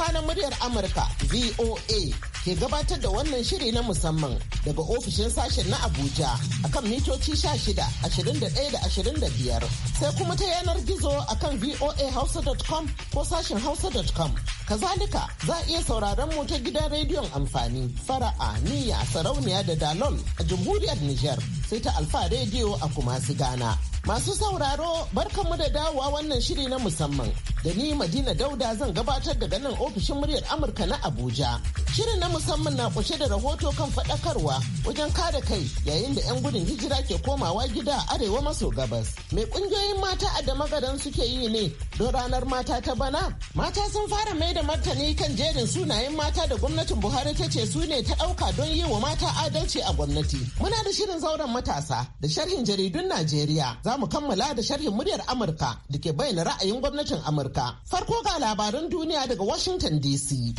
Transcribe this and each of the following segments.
Hausa na muryar Amurka VOA ke gabatar da wannan shiri na musamman daga ofishin sashen na Abuja akan mitoci 16, 21 da da biyar, sai kuma ta yanar gizo akan voahausa.com ko sashen hausa.com. Kazalika za a iya sauraron mu ta gidan rediyon amfani fara'a niyya sarauniya da dalol a jamhuriyar Nijar sai ta alfa rediyo a kumasi Gana. Masu sauraro barkanmu da dawowa wannan shiri na musamman da ni Madina Dauda zan gabatar daga nan ofishin muryar Amurka na Abuja. Shirin na musamman na kushe da rahoto kan faɗakarwa wajen kada kai yayin da 'yan gudun hijira ke komawa gida a arewa maso gabas. Me ƙungiyoyin mata a damagaran suke yi ne don ranar mata ta bana? Mata sun fara mai da martani kan jerin sunayen mata da gwamnatin Buhari ta ce su ne ta ɗauka don yi wa mata adalci a gwamnati. Muna da shirin zauren matasa da sharhin jaridun Najeriya. Za mu kammala da sharhin muryar Amurka da ke bayyana ra'ayin gwamnatin Amurka. Farko ga labaran duniya daga Washington DC.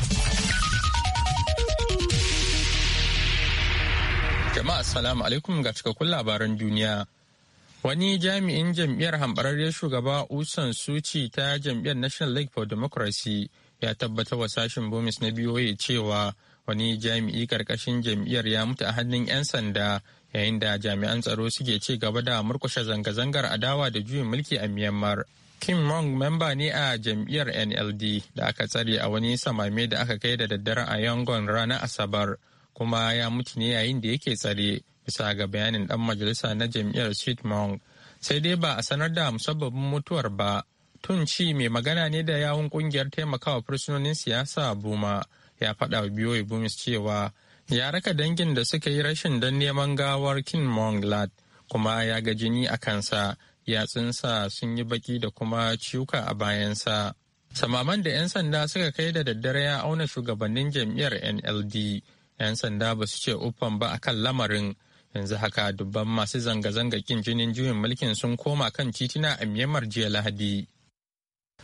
Jama'a Assalamu alaikum ga cikakkun labaran duniya. Wani jami'in jam'iyyar hambararriyar shugaba Usan Suci ta jam'iyyar National League for Democracy ya tabbata wa sashen Bomis na BOA cewa wani jami'i karkashin jam'iyyar ya mutu a hannun 'yan sanda yayin da jami'an tsaro suke ci gaba da murkushe zanga-zangar adawa da juyin mulki a myanmar kim mong memba ne a jam'iyyar nld da aka tsare a wani samame da aka kai da daddare a yangon ranar asabar kuma ya mutu ne yayin da yake tsare bisa ga bayanin dan majalisa na jam'iyyar sweet mong sai dai ba a sanar da musabbabin mutuwar ba tun ci mai magana ne da yawun kungiyar taimakawa fursunonin siyasa buma ya faɗa wa biyoyi bumis cewa ya raka dangin da suka yi rashin don neman gawar king monglad kuma ya ga jini a kansa yatsunsa sun yi baki da kuma ciuka a bayansa samaman da 'yan sanda suka kai da daddare ya auna shugabannin jam'iyyar nld 'yan sanda ba su ce uffan ba akan lamarin yanzu haka dubban masu zanga-zanga kin jinin juyin mulkin sun koma kan titina a myanmar jiya lahadi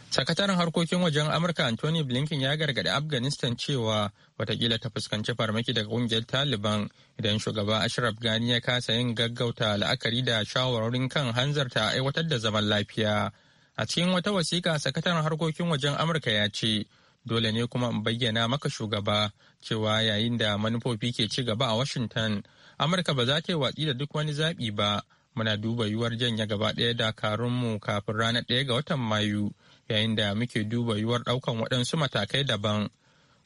Sakataren harkokin wajen Amurka Anthony Blinken ya gargaɗi Afghanistan cewa watakila ta fuskanci farmaki daga ƙungiyar Taliban idan shugaba Ashraf Ghani ya kasa yin gaggauta la'akari da shawarorin kan hanzarta aiwatar da zaman lafiya. A cikin wata wasiƙa sakataren harkokin wajen Amurka ya ce, dole ne kuma in bayyana maka shugaba cewa yayin da manufofi ke ci gaba a Washington, Amurka ba za ta yi watsi da duk wani zaɓi ba muna duba yuwar janya gaba ɗaya dakarunmu kafin ranar ɗaya ga watan mayu yayin da muke duba yuwar ɗaukan waɗansu matakai daban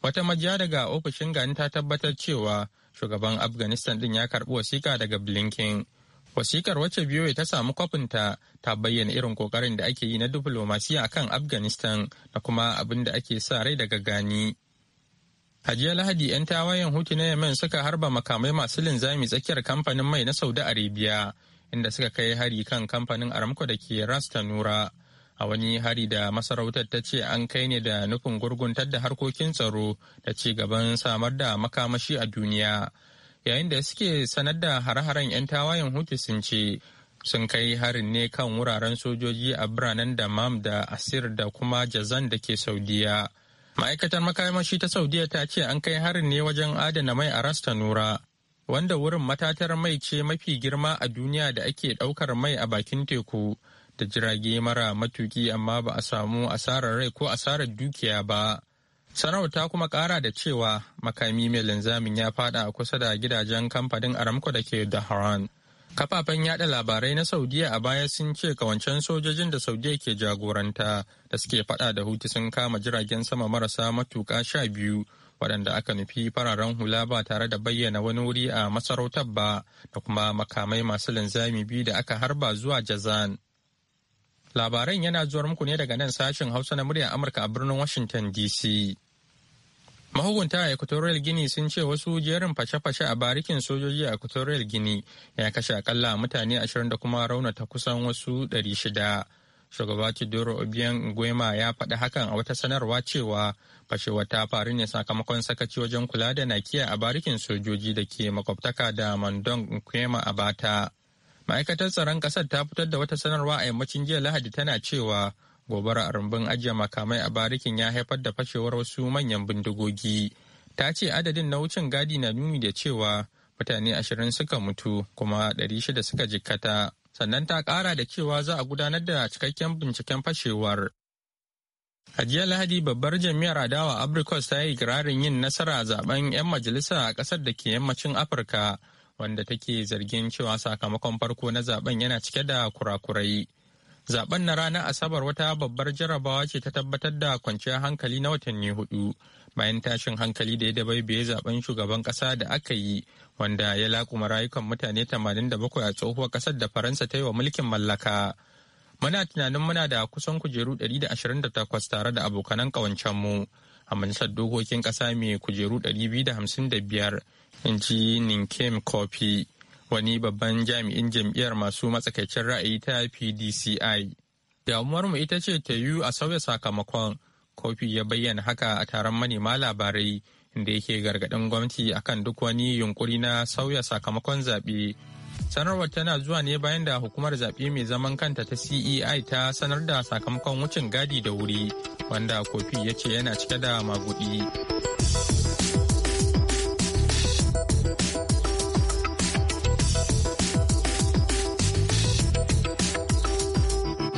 wata majiya daga ofishin gani ta tabbatar cewa shugaban afghanistan ɗin ya karɓi wasiƙa daga blinken wasikar wacce biyoyi ta samu kwafinta ta bayyana irin kokarin da ake yi na diflomasiya akan afghanistan da kuma abin da ake sa rai daga gani hajiya lahadi 'yan tawayen hutu na yemen suka harba makamai masu linzami tsakiyar kamfanin mai na saudi arabia inda suka kai hari kan kamfanin aramco da ke rasta nura a wani hari da masarautar ta ce an kai ne da nufin gurguntar da harkokin tsaro da ci gaban samar da makamashi a duniya yayin da suke sanar da hare-haren 'yan tawayen hutu sun ce sun kai harin ne kan wuraren sojoji a biranen da mam da asir da kuma jazan da ke saudiya ma'aikatar makamashi ta saudiya ta ce an kai harin ne wajen adana mai a rasta nura wanda wurin matatar mai ce mafi girma a duniya da ake ɗaukar mai a bakin teku da jirage mara matuki amma ba a samu asarar rai ko asarar dukiya ba. Sarauta kuma ƙara da cewa makami mai linzamin ya fada a kusa da gidajen kamfanin Aramco da ke Dahran. Kafafen yada labarai na Saudiya a baya sun ce kawancen sojojin da Saudiya ke jagoranta da suke fada da hutu sun kama jiragen sama marasa matuka sha biyu waɗanda aka nufi fararen hula ba tare da bayyana wani wuri a masarautar ba da kuma makamai masu linzami biyu da aka harba zuwa jazan labaran yana zuwar muku ne daga nan sashen hausa na muryar amurka a birnin washington dc mahukunta a equatorial guinea sun ce wasu jerin fashe-fashe a barikin sojoji a equatorial guinea ya kashe akalla mutane ashirin da kuma raunata kusan wasu 600 shugaba Chidoro Obiang Nguema ya faɗi hakan a wata sanarwa cewa fashewar ta faru ne sakamakon sakaci wajen kula da nakiya a barikin sojoji da ke makwabtaka da Mandong Nguema a bata. Ma'aikatar tsaron ƙasar ta fitar da wata sanarwa a yammacin jiya Lahadi tana cewa gobara a rumbun ajiye makamai a barikin ya haifar da fashewar wasu manyan bindigogi. Ta ce adadin na wucin gadi na nuni da cewa mutane ashirin suka mutu kuma ɗari shida suka jikkata. sannan ta kara da cewa za a gudanar da cikakken binciken fashewar. A jiya Lahadi babbar jami'ar adawa Abricos ta yi ikirarin yin nasara a zaben 'yan majalisa a ƙasar da ke yammacin Afirka wanda take zargin cewa sakamakon farko na zaben yana cike da kurakurai. Zaben na ranar Asabar wata babbar jarabawa ce ta tabbatar da kwanciyar hankali na watanni hudu bayan tashin hankali da ya biye zaben shugaban kasa da aka yi wanda ya laƙuma rayukan mutane 87 a tsohuwar kasar da faransa ta yi wa mulkin mallaka muna tunanin muna da kusan kujeru 128 tare da abokanan mu a majalisar dokokin kasa mai kujeru 255 in ji ninkem kofi wani babban jami'in jam'iyyar masu matsakaicin ra'ayi ta pdci damuwar mu ita ce ta yiwu a sauya sakamakon kofi ya bayyana haka a taron manema labarai inda yake gargaɗin gwamnati akan duk wani yunkuri na sauya sakamakon zaɓe. sanarwar tana zuwa ne bayan da hukumar zaɓe mai zaman kanta ta cei ta sanar da sakamakon wucin gadi da wuri wanda kofi ya ce yana cike da magudi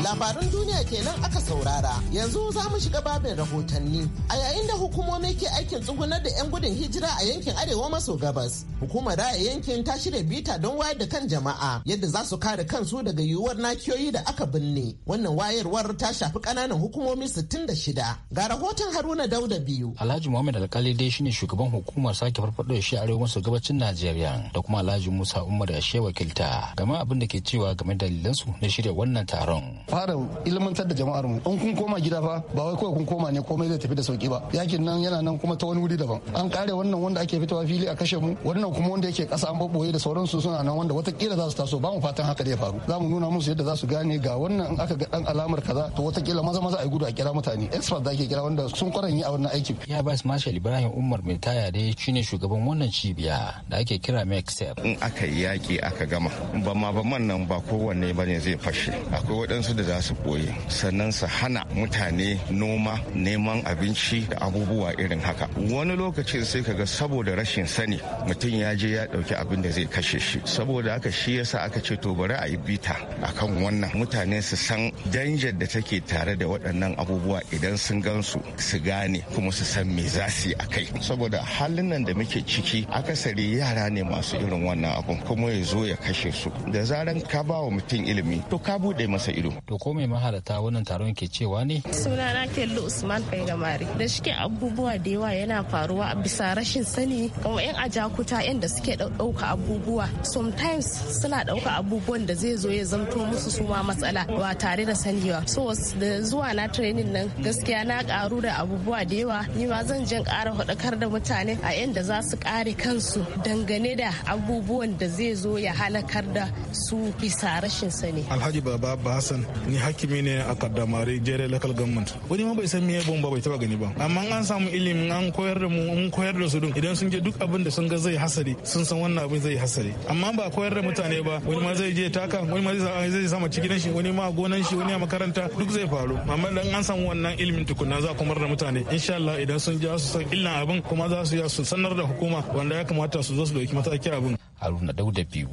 labarin duniya kenan aka saurara. Yanzu za mu shiga babin rahotanni. A yayin da hukumomi ke aikin tsugunar da 'yan gudun hijira a yankin Arewa maso gabas, hukumar raya yankin ta shirya bita don wayar da kan jama'a yadda za su kare kansu daga yiwuwar nakiyoyi da aka binne. Wannan wayarwar ta shafi ƙananan hukumomi sittin da shida Ga rahoton Haruna Dauda biyu. Alhaji Muhammad Alkali dai shine shugaban hukumar sake farfaɗo shi Arewa maso gabacin Najeriya da kuma Alhaji Musa Umar ya wakilta. game abin da ke cewa game da dalilansu na shirya wannan taron. Fara ilimin ilmantar da jama'ar mu in kun koma gida fa ba wai kawai kun koma ne komai zai tafi da sauki ba yakin nan yana nan kuma ta wani wuri daban an kare wannan wanda ake fitowa fili a kashe mu wannan kuma wanda yake kasa an babboye da sauransu suna nan wanda watakila za su taso ba mu fatan haka zai faru za mu nuna musu yadda za su gane ga wannan in aka ga dan alamar kaza to watakila maza maza a gudu a kira mutane expert da ake kira wanda sun yi a wannan aikin ya su marshal ibrahim umar mai taya dai shine shugaban wannan cibiya da ake kira mexep in aka yi yaki aka gama ba ma ba man nan ba kowanne bane zai fashe akwai waɗansu da za su boye sannan su hana mutane noma neman abinci da abubuwa irin haka wani lokacin sai kaga saboda rashin sani mutum ya je ya dauki abin da zai kashe shi saboda haka shi yasa aka ce to bari a yi bita akan wannan mutane su san danger da take tare da waɗannan abubuwa idan sun gansu su gane kuma su san me za su yi a kai saboda halin nan da muke ciki akasari yara ne masu irin wannan abun kuma ya zo ya kashe su da zaran ka ba wa mutum ilimi to ka buɗe masa ido to ko mai ta wannan taron ke cewa ne. Sunana Kello Usman Kaigamari. Da shike abubuwa da yawa yana faruwa a bisa rashin sani kuma 'yan ajakuta 'yan da suke ɗauka abubuwa. Sometimes suna ɗauka abubuwan da zai zo ya zamto musu su ma matsala ba tare da sani ba. So da zuwa na training nan gaskiya na ƙaru da abubuwa da yawa ni ma zan jin ƙara hudakar da mutane a 'yan da za su ƙare kansu dangane da abubuwan da zai zo ya halakar da su bisa rashin sani. Alhaji Baba Hassan ni hakimi ne ne a kaddamari jere lakal government wani ma bai san me bomba bai taba gani ba amma an samu ilimin an koyar da mu an koyar da su din idan sun je duk abin da sun ga zai hasari sun san wannan abin zai hasari amma ba koyar da mutane ba wani ma zai je taka wani ma zai sama cikin shi wani ma gonan shi wani a makaranta duk zai faru amma dan an samu wannan ilimin tukunna za kuma da mutane insha Allah idan sun ji su san illan abin kuma za su ya su sanar da hukuma wanda ya kamata su zo su dauki mataki abin Haruna Dauda biyu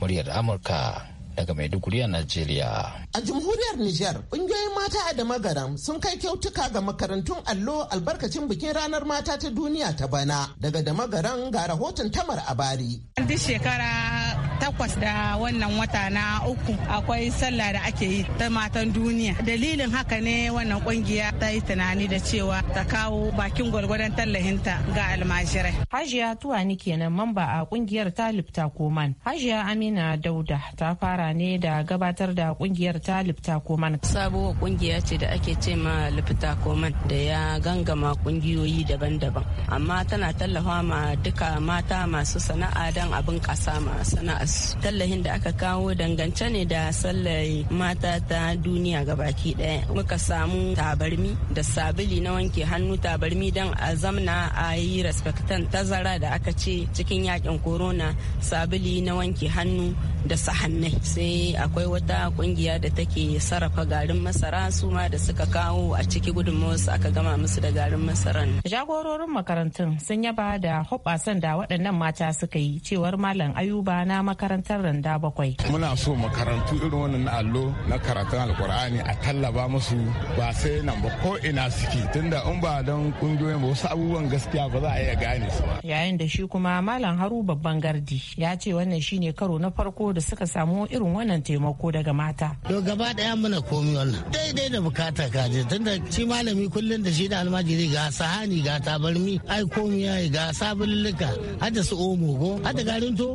muryar Amurka daga Maiduguri a Najeriya. A jamhuriyar Nijar, ƙungiyoyin mata a da sun kai kyautuka ga makarantun allo albarkacin bikin ranar mata ta duniya ta bana. Daga da magaran ga rahoton Tamar Abari. Duk shekara takwas da wannan wata na uku akwai sallah da ake yi ta matan duniya dalilin haka ne wannan kungiya ta yi tunani da cewa ta kawo bakin gwargwadon tallahinta ga almajirai hajiya tuwani kenan mamba a kungiyar talib takoman hajiya amina dauda ta fara ne da gabatar da kungiyar talib takoman sabuwar kungiya ce da ake ce ma lifta koman da ya gangama kungiyoyi daban-daban amma tana tallafa ma duka mata masu sana'a don abin kasa ma sana'a Abbas. Tallahin da aka kawo dangance ne da sallar mata ta duniya baki ɗaya. Muka samu tabarmi da sabili na wanke hannu tabarmi don a zamna a yi respectan tazara da aka ce cikin yakin corona sabili na wanke hannu da sahannai sai akwai wata kungiya da take sarrafa garin masara su ma da suka kawo a ciki gudunmawarsu aka gama musu da garin masaran jagororin makarantun sun yaba da hoɓasan da waɗannan mata suka yi cewar malam ayuba na makarantar randa bakwai muna so makarantu irin wannan na allo na karatun alkur'ani a tallaba musu ba sai nan ba ko ina suke tunda in ba don kungiyoyin ba wasu abubuwan gaskiya ba za a iya gane su ba yayin da shi kuma malam haru babban gardi ya ce wannan shine karo na farko da suka samu irin wannan taimako daga mata. To gaba daya muna komi wannan daidai da bukata ka je tunda shi malami kullum da shi da almajiri ga sahani ga tabarmi ai komi yayi ga sabulluka har da su omo go har garin to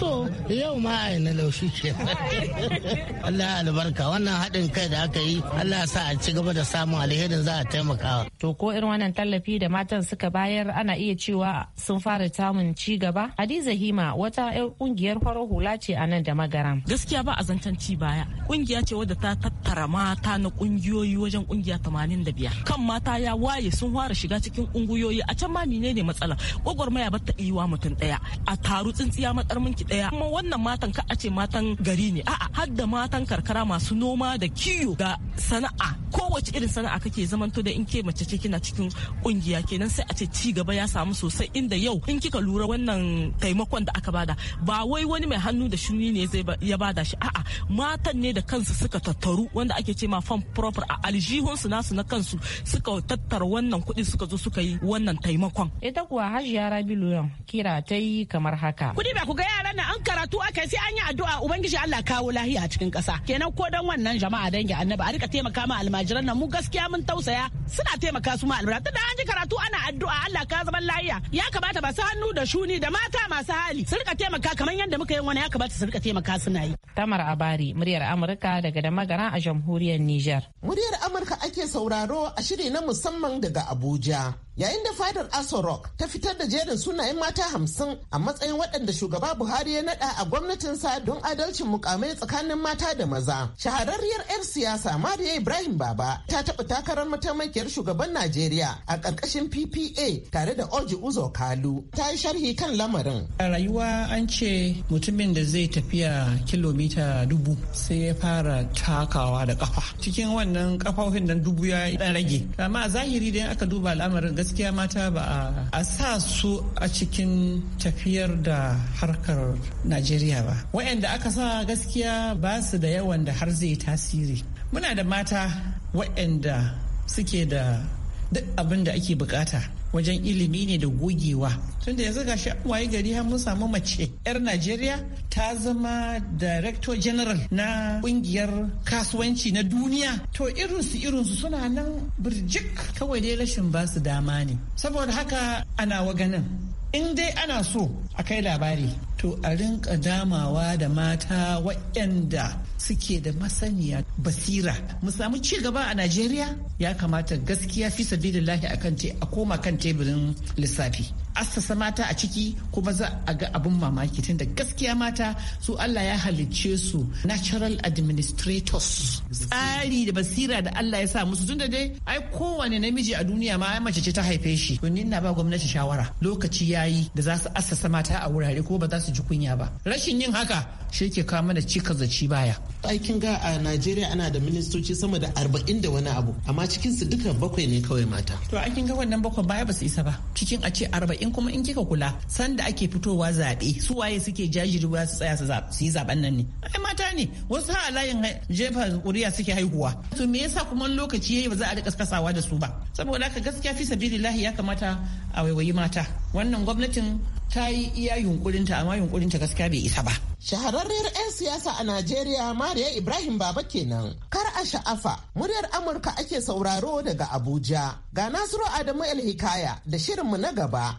to yau ma ai na laushi ke. Allah albarka wannan haɗin kai da aka yi Allah sa a ci gaba da samun alherin za a taimakawa. To ko irin wannan tallafi da matan suka bayar ana iya cewa sun fara samun ci gaba. Hadiza Hima wata 'yar kungiyar farar hula ce a nan da magaram. Gaskiya ba a zancen ci baya. Kungiya ce wadda ta tattara mata na kungiyoyi wajen kungiya biyar. Kan mata ya waye sun fara shiga cikin kungiyoyi a can ma ne matsala. maya ba ta iya mutum daya. A taru tsintsiya matsar minki daya. Kuma wannan matan ka a ce matan gari ne. A'a har da matan karkara masu noma da kiwo. da sana'a. Kowace irin sana'a kake zamanto da in ke mace ce kina cikin kungiya kenan sai a ce ci gaba ya samu sosai inda yau in kika lura wannan taimakon da aka bada ba wai wani mai hannu da shi shuni ne zai ya bada shi a'a matan ne da kansu suka tattaru wanda ake ce ma fan proper a aljihunsu nasu na kansu suka tattara wannan kuɗi suka zo suka yi wannan taimakon ita kuwa hajiya rabilu yan kira ta yi kamar haka kuɗi ba ku ga yaran nan an karatu aka sai an yi addu'a ubangiji Allah kawo lahiya a cikin ƙasa kenan ko dan wannan jama'a dangi annabi a rika taimaka ma almajiran nan mu gaskiya mun tausaya suna taimaka su ma almajiran tunda an ji karatu ana addu'a Allah ka zaman lahiya ya kamata su hannu da shuni da mata masu hali su rika taimaka kamar yadda muka yi wani ya kamata su rika taimaka suna yi. Tamar Abari, muryar Amurka daga da a jamhuriyar Nijar. Muryar Amurka ake sauraro a shiri na musamman daga Abuja. yayin da fadar aso rock ta fitar da jerin sunayen mata hamsin a matsayin waɗanda shugaba buhari ya naɗa a gwamnatinsa don adalcin mukamai tsakanin mata da maza shahararriyar 'yar siyasa mariya ibrahim baba ta taɓa takarar mataimakiyar shugaban najeriya a ƙarƙashin ppa tare da oji uzo kalu ta yi sharhi kan lamarin a rayuwa an ce mutumin da zai tafiya kilomita dubu sai ya fara takawa da kafa cikin wannan kafofin nan dubu ya rage amma a zahiri da aka duba al'amarin gaskiya mata ba a sa su a cikin tafiyar da harkar najeriya ba wayanda aka sa gaskiya ba su da yawan da har zai tasiri muna da mata wayanda suke da duk abin da ake bukata wajen ilimi ne da gogewa tunda yanzu gashi waye gari har mun samu mace yar najeriya ta zama director general na kungiyar kasuwanci na duniya to irinsu irinsu suna nan birjik kawai dai rashin basu dama ne saboda haka ana waganin in dai ana so a kai labari to a rinka damawa da mata waɗanda suke da masaniya basira mu samu ci gaba a najeriya ya kamata gaskiya fi sabilillahi akan a koma kan teburin lissafi assasa mata a ciki kuma za a ga abin mamaki tun da gaskiya mata su Allah ya halicce su natural administrators tsari da basira da Allah ya sa musu tun da dai ai kowane namiji a duniya ma mace ce ta haife shi to ni na ba gwamnati shawara lokaci yayi da za su assasa mata a wurare ko ba za su ji kunya ba rashin yin haka shi ke kawo mana cika zaci ci baya aikin ga a Najeriya ana da ministoci sama da arba'in da wani abu amma cikin su duka bakwai ne kawai mata to aikin ga wannan bakwai baya ba su isa ba cikin a ce arba'in in kuma in kika kula sanda ake fitowa zaɓe su waye suke jajirwa su tsaya su yi zaɓen nan ne ai mata ne wasu ha layin jefa kuriya suke haihuwa to me yasa kuma lokaci yayi ba za a rika kasawa da su ba saboda haka gaskiya fi sabilillahi ya kamata a waiwayi mata wannan gwamnatin ta yi iya yunkurinta amma yunkurinta gaskiya bai isa ba. Shahararriyar 'yan siyasa a Najeriya Mariya Ibrahim Baba kenan. Kar a sha'afa, muryar Amurka ake sauraro daga Abuja. Ga Nasiru Adamu El Hikaya da shirinmu na gaba.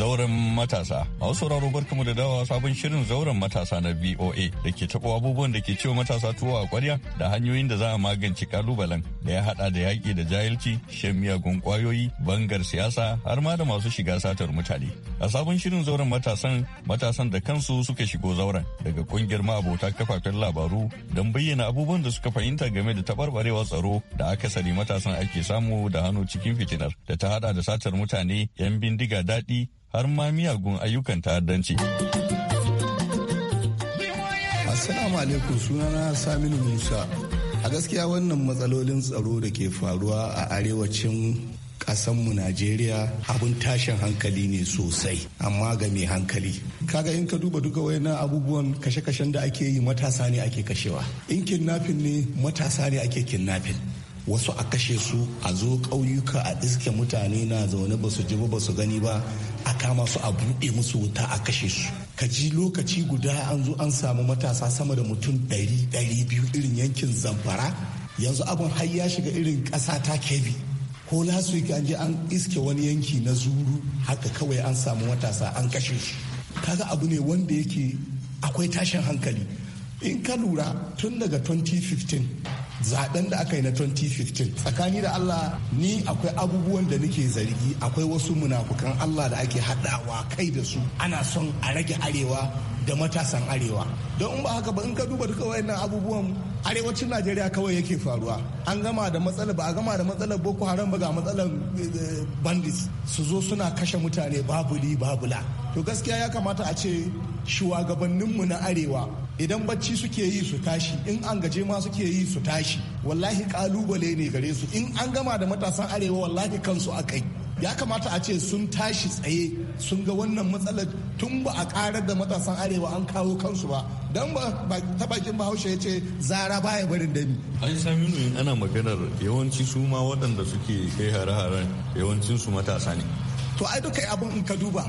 zauren matasa. A wasu sauraro barkamu da dawa sabon shirin zauren matasa na VOA da ke taɓa abubuwan da ke cewa matasa tuwo a kwarya da hanyoyin da za a magance kalubalen da ya haɗa da yaƙi da jahilci, shan miyagun ƙwayoyi, bangar siyasa har ma da masu shiga satar mutane. A sabon shirin zauren matasan, matasan da kansu suka shigo zauren daga ƙungiyar ma'abota kafafen labaru don bayyana abubuwan da suka fahimta game da taɓarɓarewar tsaro da akasari matasan ake samu da hannu cikin fitinar da ta haɗa da satar mutane 'yan bindiga daɗi har ma miyagun ayyukan ta'addanci. Assalamu alaikum sunana Saminu Musa. A gaskiya wannan matsalolin tsaro da ke faruwa a arewacin mu Najeriya abun tashin hankali ne sosai amma ga mai hankali. Kaga in ka duba duka na abubuwan kashe-kashen da ake yi matasa ne ake kashewa. In kidnapping ne matasa ne ake kidnapping. wasu a kashe su a zo ƙauyuka a iske mutane na zaune ba su ji ba su gani ba a kama su a buɗe musu wuta a kashe su ka ji lokaci guda an zo an samu matasa sama da mutum ɗari ɗari biyu irin yankin zamfara yanzu abin har ya shiga irin ƙasa ta kebi ko na week an je an iske wani yanki na zuru haka kawai an samu matasa an kashe su kaga abu ne wanda yake akwai tashin hankali in ka lura tun daga 2015 zaben da aka yi na 2015 tsakani da Allah ni akwai abubuwan da nake zargi akwai wasu munafukan Allah da ake haɗawa kai da su ana son a rage arewa da matasan arewa don ba haka ba in ka duba duka wayannan abubuwan arewacin najeriya kawai yake faruwa an gama da matsalar ba a gama da matsalar boko haram ba ga matsalar eh, bandits su zo suna kashe mutane babu li babula. to gaskiya ya kamata a ce shugabanninmu na arewa idan bacci suke yi su tashi in an gaje ma suke yi su tashi wallahi kalubale ne gare su in an gama da matasan arewa wallahi kansu a kai ya kamata a ce sun tashi tsaye sun ga wannan matsalar tun ba a karar da matasan arewa an kawo kansu ba don ba ta bakin bahaushe ya ce zara baya barin dami an sami in ana maganar yawanci su ma waɗanda suke kai hare-haren yawancin matasa ne to ai duka abin in ka duba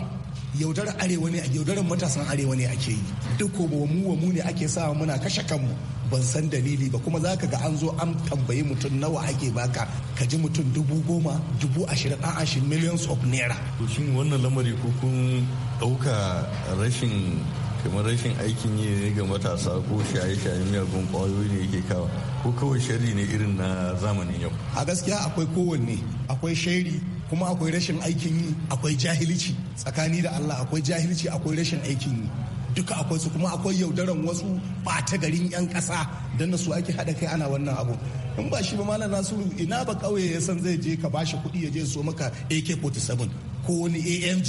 yaudarar arewa ne yaudarar matasan arewa ne ake yi duk ko wa mu ne ake sa muna kashe kanmu ban san dalili ba kuma zaka ga an zo an tambayi mutum nawa ake baka ka ji mutum dubu goma dubu ashirin an ashirin millions of naira shin wannan lamari ko kun ɗauka rashin kamar rashin aikin yi ne ga matasa ko shaye-shaye miyagun kwayoyi ne yake kawa ko kawai shari ne irin na zamanin yau a gaskiya akwai kowanne akwai shari kuma akwai rashin aikin yi akwai jahilci tsakani da Allah akwai jahilci akwai rashin aikin yi duka akwai su kuma akwai yaudaran wasu ɓata garin 'yan ƙasa don na su ake haɗa kai ana wannan abu in ba shi ba malam nasiru ina ba ƙauye ya san zai je ka ba shi kuɗi ya je so maka ak-47 ko wani amg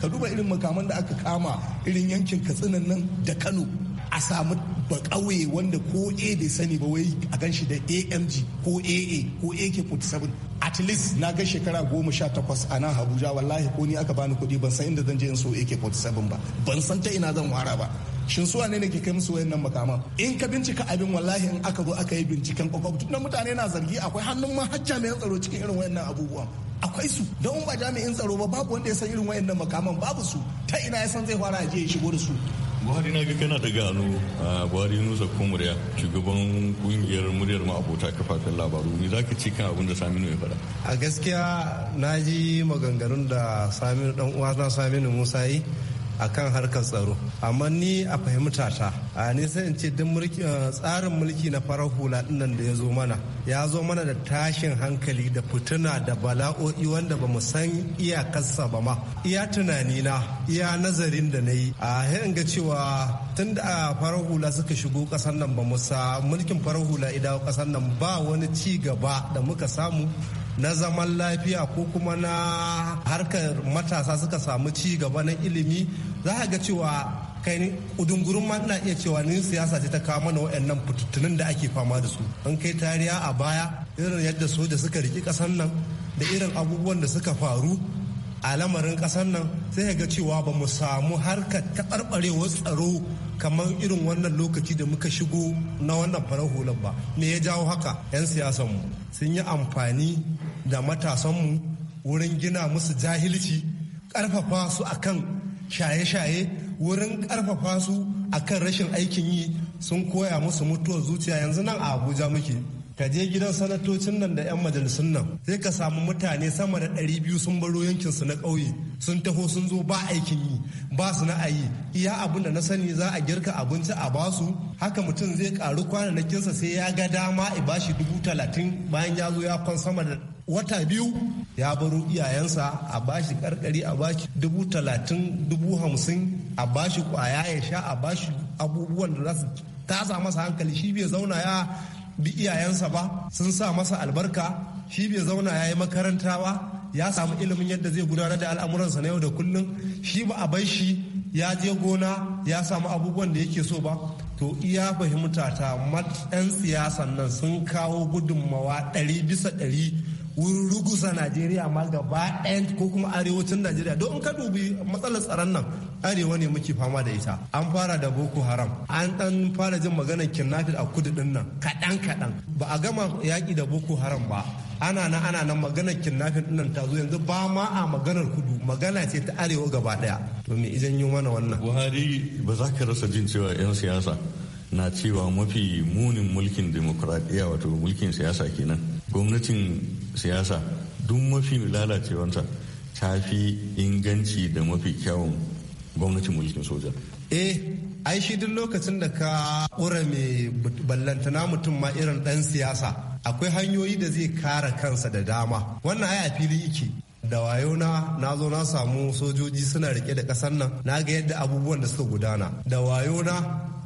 ka duba irin makaman da aka kama irin yankin katsinan nan da kano a samu ba ƙauye wanda ko a bai sani ba wai a gan shi da amg ko aa ko ak-47 at least na ga shekara goma sha takwas a nan abuja wallahi ko ni aka bani kuɗi ban san inda zan je in so ak-47 ba ban san ta ina zan wara ba shin suwa ne ke kai musu wayannan makaman in ka bincika abin wallahi in aka zo aka yi binciken kwakwab na mutane na zargi akwai hannun ma hajja mai tsaro cikin irin wayannan abubuwan akwai su don ba jami'in tsaro ba babu wanda ya san irin wayannan makaman babu su ta ina ya san zai fara je ya shigo da su buhari na ga kana daga hannu a buhari nusa kumuriya shugaban kungiyar muryar abota kafafen labaru ne za ka ce kan abin da saminu ya faɗa a gaskiya na ji maganganun da saminu dan uwa na saminu musa yi a kan harkar tsaro amma ni a fahimta ta a nisa in ce duk eh, tsarin mulki na farar hula dinnan da ya zo mana ya zo mana da tashin hankali da fituna da bala'o'i wanda ba mu san iyakarsa ba ma iya na iya nazarin da na yi a in ga cewa tun da farar hula suka shigo kasar nan ba mu sa mulkin farar hula idawo kasar nan ba wani ci gaba da muka samu na zaman lafiya ko kuma na harkar matasa suka samu ci gaba na ilimi za a ga cewa kai kudungurin ma ina iya cewa ni siyasa ce ta kawo mana waɗannan fitattunan da ake fama da su an kai tariya a baya irin yadda soja suka riki ƙasar nan da irin abubuwan da suka faru a lamarin ƙasar nan sai ga cewa ba mu samu harkar taɓarɓarewar tsaro kamar irin wannan lokaci da muka shigo na wannan farar hular ba me ya jawo haka 'yan siyasan mu sun yi amfani da matasanmu wurin gina musu jahilci ƙarfafa su akan shaye-shaye wurin ƙarfafa su akan rashin aikin yi sun koya musu mutuwar zuciya yanzu nan a abuja muke ka je gidan sanatocin nan da 'yan majalisun nan sai ka samu mutane sama da 200 sun baro yankin su na ƙauye sun taho sun zo ba aikin yi ba su na ayi iya abin da na sani za a girka abinci a basu haka mutum zai karu kwananakinsa sai ya ga dama i bashi dubu talatin bayan ya zo ya kwan sama da wata biyu ya baro iyayensa a bashi karkari a bashi dubu talatin dubu hamsin a bashi kwaya ya sha a bashi abubuwan da za su tasa masa hankali shi bai zauna ya bi iyayensa ba sun sa masa albarka shi bai zauna ya yi makaranta ba ya samu ilimin yadda zai gudanar da al'amuransa na yau da kullum shi ba a bai shi ya je gona ya samu abubuwan da yake so ba to iya fahimta ta matsayin siyasan nan sun kawo gudunmawa ɗari bisa ɗari wurin rugusa najeriya ma gaba end ko kuma arewacin najeriya don ka dubi matsalar tsaron nan arewa ne muke fama da ita an fara da boko haram an dan fara jin maganar kidnapping a kudu din nan kaɗan kaɗan ba a gama yaki da boko haram ba ana nan ana nan maganar kidnapping din nan ta zo yanzu ba ma a maganar kudu magana ce ta arewa gaba ɗaya to me izan yi mana wannan buhari ba za ka rasa jin cewa 'yan siyasa na cewa mafi munin mulkin demokuraɗiyya wato mulkin siyasa kenan gwamnatin siyasa duk mafi lalacewansa ta fi inganci da mafi kyawun gwamnatin mulkin soja. Eh, ai shi duk lokacin da ka ƙura mai ballantana mutum ma irin ɗan siyasa akwai hanyoyi da zai kara kansa da dama. Wannan ai a fili yake. Da wayo na zo na samu sojoji suna rike da ƙasar nan na ga yadda abubuwan da suka gudana. Da wayo na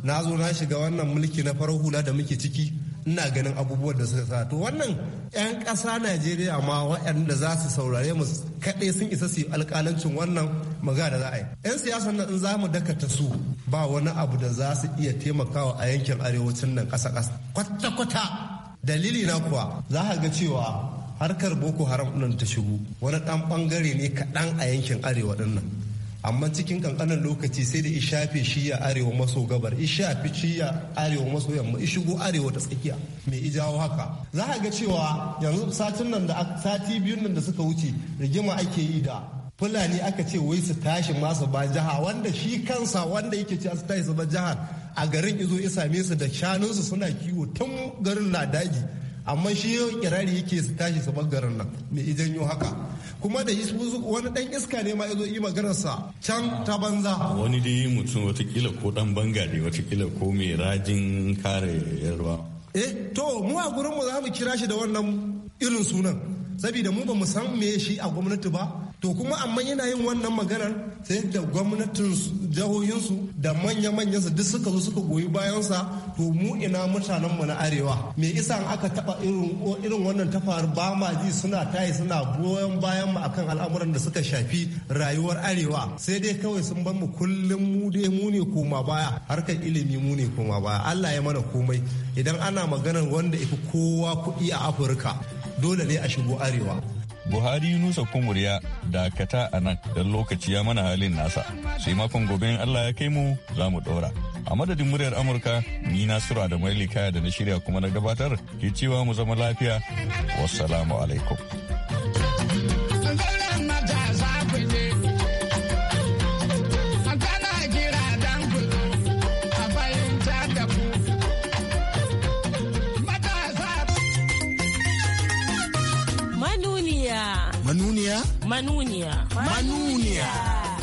na zo na shiga wannan mulki na farar hula da muke ciki ina ganin abubuwan da suka sa to wannan 'yan ƙasa najeriya ma waɗanda za su saurare mu kaɗai sun isa su yi alƙalancin wannan magana da za a yi 'yan siyasa na in za mu dakata su ba wani abu da za su iya taimakawa a yankin arewacin nan ƙasa ƙasa kwata-kwata dalili na kuwa za ka ga cewa harkar boko haram nan ta shigo wani ɗan ɓangare ne kaɗan a yankin arewa ɗin nan amma cikin kankanin lokaci sai da ishafe shiya arewa maso gabar ishafe shiya arewa maso yamma ishigo arewa ta tsakiya mai ijawo haka za a ga cewa yanzu satin nan da sati biyun nan da suka wuce rigima ake yi da fulani aka ce wai su tashi masu ba jiha wanda shi kansa wanda yake ce su tashi su ba jihar a garin izo ya same su da shanunsu suna kiwo tun garin na daji amma shi yau kirari yake su tashi su bar garin nan mai ijanyo haka kuma da wani dan iska ne ma ya zo yi maganarsa can ta banza wani dai mutum watakila ko dan bangare, ne watakila ko mai rajin kare yarwa eh to mu a gurin mu za mu kira shi da wannan irin sunan saboda mu ba mu san me shi a gwamnati ba to kuma amma yana yin wannan maganar sai da gwamnatin jihohinsu da manya-manyan su duk suka zo suka goyi bayansa to mu ina mutanen mu na arewa me isa aka taba irin irin wannan tafar ba ma ji suna tayi suna goyon bayan mu akan al'amuran da suka shafi rayuwar arewa sai dai kawai sun bar mu kullum mu dai mu ne koma baya harkar ilimi mu ne koma baya Allah ya mana komai idan ana maganar wanda ifi kowa kuɗi a Afirka dole ne a shigo arewa Buhari Yunusa Kumuriya dakata a nan don lokaci ya mana halin nasa. Sai makon gobe Allah ya kai mu za mu ɗora. A madadin muryar Amurka, ni Nasiru da mai Kaya da na shirya kuma na gabatar ke cewa mu zama lafiya. Wassalamu alaikum. Manuniya. Manuniya.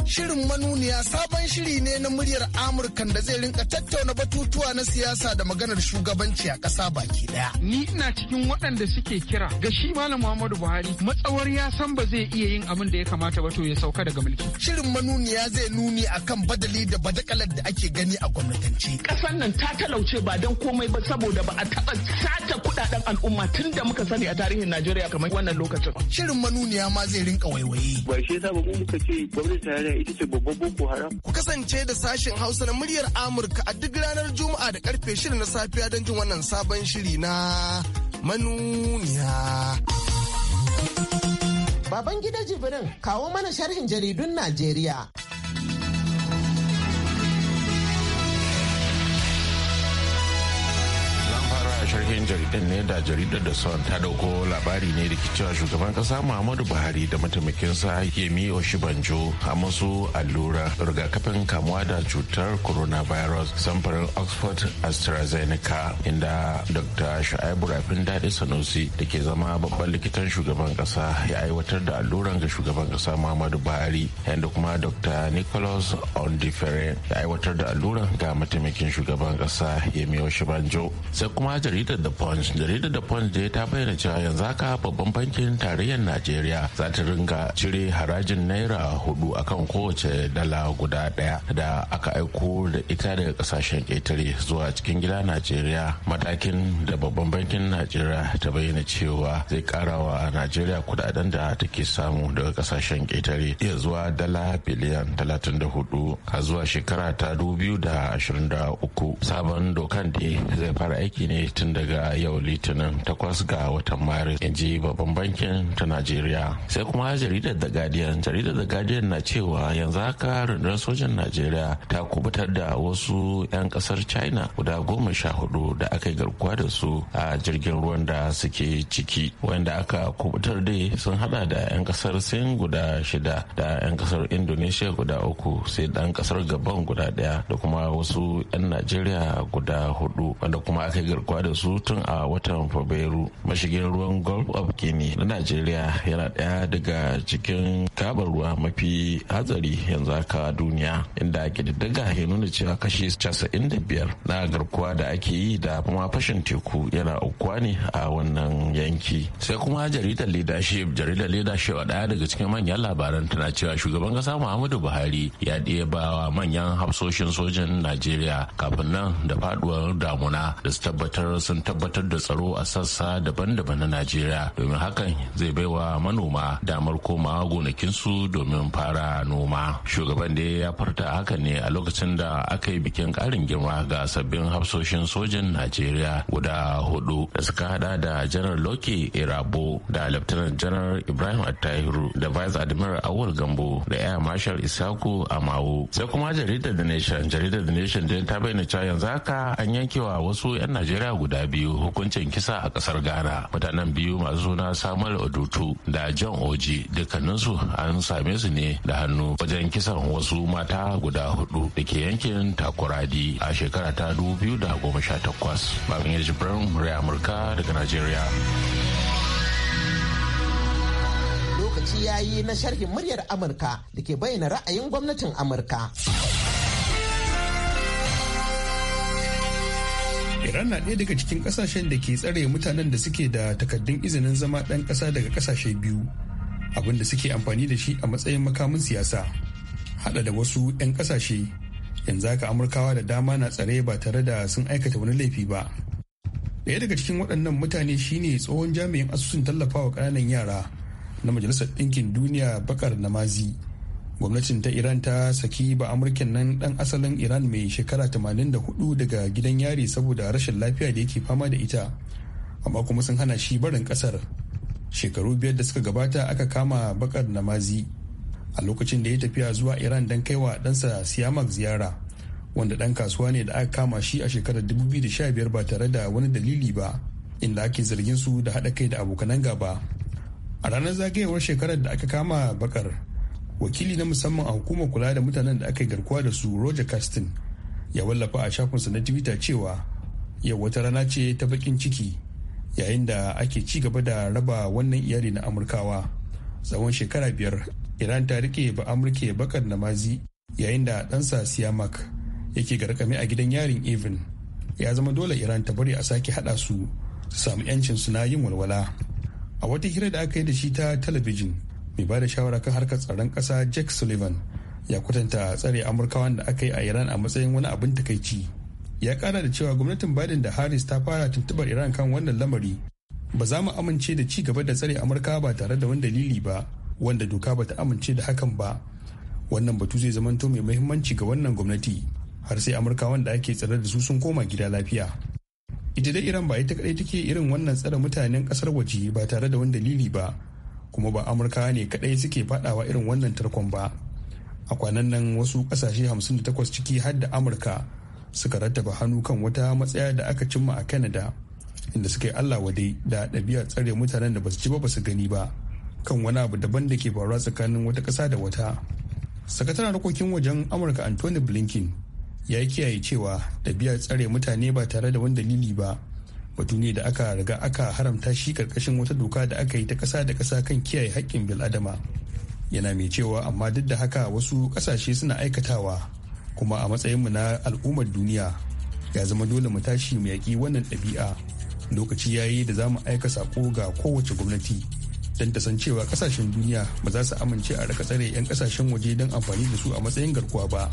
Shirin Manuniya sabon shiri ne na muryar amurka da zai rinka tattauna batutuwa na siyasa da maganar shugabanci a ƙasa baki daya. Ni ina cikin waɗanda suke kira ga shi Malam Muhammadu Buhari matsawar ya san ba zai iya yin abin da ya kamata ba to ya sauka daga mulki. Shirin Manuniya zai nuni akan badali da badakalar da ake gani a gwamnatance. Ƙasar nan ta talauce ba don komai ba saboda ba a taɓa al'umma tun da muka sani a tarihin Najeriya kamar wannan lokacin. Shirin manuniya ma zai rinka waiwaye. Ba shi yasa ba muka ce gwamnatin tarayya ita ce babban boko haram. Ku kasance da sashen Hausa na muryar Amurka a duk ranar Juma'a da karfe shirin na safiya don jin wannan sabon shiri na manuniya. Baban gida Jibrin kawo mana sharhin jaridun Najeriya. jaridan ne da jaridar da son ta dauko labari ne da cewa shugaban kasa muhammadu buhari da mataimakinsa yemi oshibanjo a masu allura rigakafin kamuwa da cutar coronavirus samfarin oxford astrazeneca inda dr shu'aibu rafin dadi sanusi da ke zama babban likitan shugaban kasa ya aiwatar da alluran ga shugaban kasa muhammadu buhari yadda kuma dr nicholas ondifere ya aiwatar da alluran ga mataimakin shugaban kasa yemi oshibanjo sai kuma jaridar da punch jaridar da punch da ya ta bayyana cewa yanzu haka babban bankin tarayyar najeriya za ta ringa cire harajin naira hudu akan kowace dala guda daya da aka aiko da ita daga kasashen ƙetare zuwa cikin gida najeriya matakin da babban bankin najeriya ta bayyana cewa zai karawa najeriya kudaden da take samu daga kasashen ƙetare iya zuwa dala biliyan talatin hudu a zuwa shekara ta uku, sabon dokan da zai fara aiki ne tun daga yau litinin takwas ga watan maris in ji babban bankin ta najeriya sai kuma jaridar the guardian jaridar the guardian na cewa yanzu haka rundunar sojan najeriya ta kubutar da wasu 'yan kasar china guda goma sha hudu da aka yi garkuwa da su a jirgin ruwan da suke ciki wanda aka kubutar da sun hada da 'yan kasar sin guda shida da 'yan kasar indonesia guda uku sai dan kasar gabon guda daya da kuma wasu 'yan najeriya guda hudu wanda kuma aka yi garkuwa da su tun a watan fabrairu mashigin ruwan golf of guinea na najeriya yana daya daga cikin kabar ruwa mafi hatsari yanzu aka duniya inda daddaga ya nuna cewa kashi 95 na garkuwa da ake yi da kuma fashin teku yana ukuwa ne a wannan yanki sai kuma jaridar leadership jaridar leadership a daya daga cikin manyan labaran tana cewa shugaban kasa muhammadu buhari ya ba wa manyan hafsoshin sojin najeriya kafin nan da faɗuwar damuna da su tabbatar sun tabbatar tabbatar da tsaro a sassa daban-daban na najeriya domin hakan zai baiwa manoma damar koma gonakinsu domin fara noma shugaban da ya farta hakan ne a lokacin da aka yi bikin karin girma ga sabbin hafsoshin sojan najeriya guda hudu da suka hada da janar loke irabo da lieutenant janar ibrahim attahiru da vice admiral awul gambo da air marshal isaku amawu. sai kuma jaridar the nation jaridar the nation ta bayyana cewa yanzu haka an yankewa wasu 'yan najeriya guda biyu hukuncin kisa a kasar ghana mutanen biyu masu suna samuel odutu da john oji dukkaninsu an same su ne da hannu wajen kisan wasu mata guda hudu da ke yankin takuradi a shekara ta 2018 babin yaji brown rai amurka daga nigeria lokaci ya yi na sharhin muryar amurka da ke bayyana ra'ayin gwamnatin amurka iran na ɗaya daga cikin ƙasashen da ke tsare mutanen da suke da takaddun izinin zama ɗan ƙasa daga ƙasashe biyu abin da suke amfani da shi a matsayin makamin siyasa Haɗa da wasu 'yan ƙasashe yanzu haka amurkawa da dama na tsare ba tare da sun aikata wani laifi ba ɗaya daga cikin waɗannan mutane shine tsohon jami'in asusun tallafawa ƙananan yara na majalisar ɗinkin duniya bakar namazi gwamnatin ta iran ta saki ba amurkin nan dan asalin iran mai shekara 84 daga gidan yari saboda rashin lafiya da yake fama da ita amma kuma sun hana shi barin kasar shekaru biyar da suka gabata aka kama bakar namazi a lokacin da ya tafiya zuwa iran don wa ɗansa siyamak ziyara wanda ɗan kasuwa ne da aka kama shi a shekarar 2015 ba tare da wani dalili ba inda ake zargin su da haɗa kai da abokanan gaba a ranar zagayewar shekarar da aka kama bakar wakili na musamman a hukumar kula da mutanen da aka yi garkuwa da su roger castin ya wallafa a shafinsa na twitter cewa yau wata rana ce ta bakin ciki yayin da ake ci gaba da raba wannan iyali na amurkawa tsawon shekara biyar iran ta rike ba amurke bakar namazi yayin da ɗansa siyamak yake garkami a gidan yarin even ya zama dole iran ta bari a sake haɗa su su samu 'yancin su na yin walwala a wata hira da aka yi da shi ta talabijin mai ba da shawara kan harkar tsaron kasa jack sullivan ya kwatanta tsare amurkawan da aka yi a iran a matsayin wani abin takaici ya kara da cewa gwamnatin biden da harris ta fara tuntubar iran kan wannan lamari ba za mu amince da ci gaba da tsare amurka ba tare da wani dalili ba wanda doka ba ta amince da hakan ba wannan batu zai zamanto mai muhimmanci ga wannan gwamnati har sai amurkawan da ake tsare da su sun koma gida lafiya ita dai iran ba ita kadai take irin wannan tsare mutanen kasar waje ba tare da wani dalili ba kuma ba amurka ne kadai suke fadawa irin wannan tarkon ba a kwanan nan wasu kasashe 58 ciki har da amurka suka rattaba hannu kan wata matsaya da aka cimma a canada inda suka yi allah wadai da ɗabi'a tsare mutanen da basu ci ba basu gani ba kan wani abu daban da ke faruwa tsakanin wata ƙasa da wata sakataren harkokin wajen amurka Antony blinken ya kiyaye cewa ɗabi'a tsare mutane ba tare da wani dalili ba batu ne da aka riga aka haramta shi karkashin wata doka da aka yi ta kasa da kasa kan kiyaye haƙƙin bil'adama yana mai cewa amma duk da haka wasu ƙasashe suna aikatawa kuma a matsayinmu na al'ummar duniya ya zama dole mu tashi mu yaƙi wannan ɗabi'a lokaci ya yi da za mu aika sako ga kowace gwamnati don ta san cewa ƙasashen duniya ba za su amince a raka tsare 'yan ƙasashen waje don amfani da su a matsayin garkuwa ba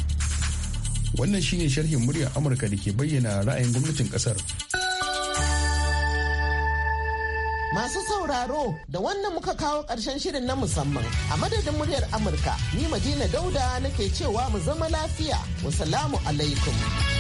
wannan shine sharhin muryar amurka da ke bayyana ra'ayin gwamnatin ƙasar Masu sauraro da wannan muka kawo ƙarshen shirin na musamman a madadin muryar Amurka ni Madina Dauda nake cewa mu zama lafiya. Wasalamu alaikum.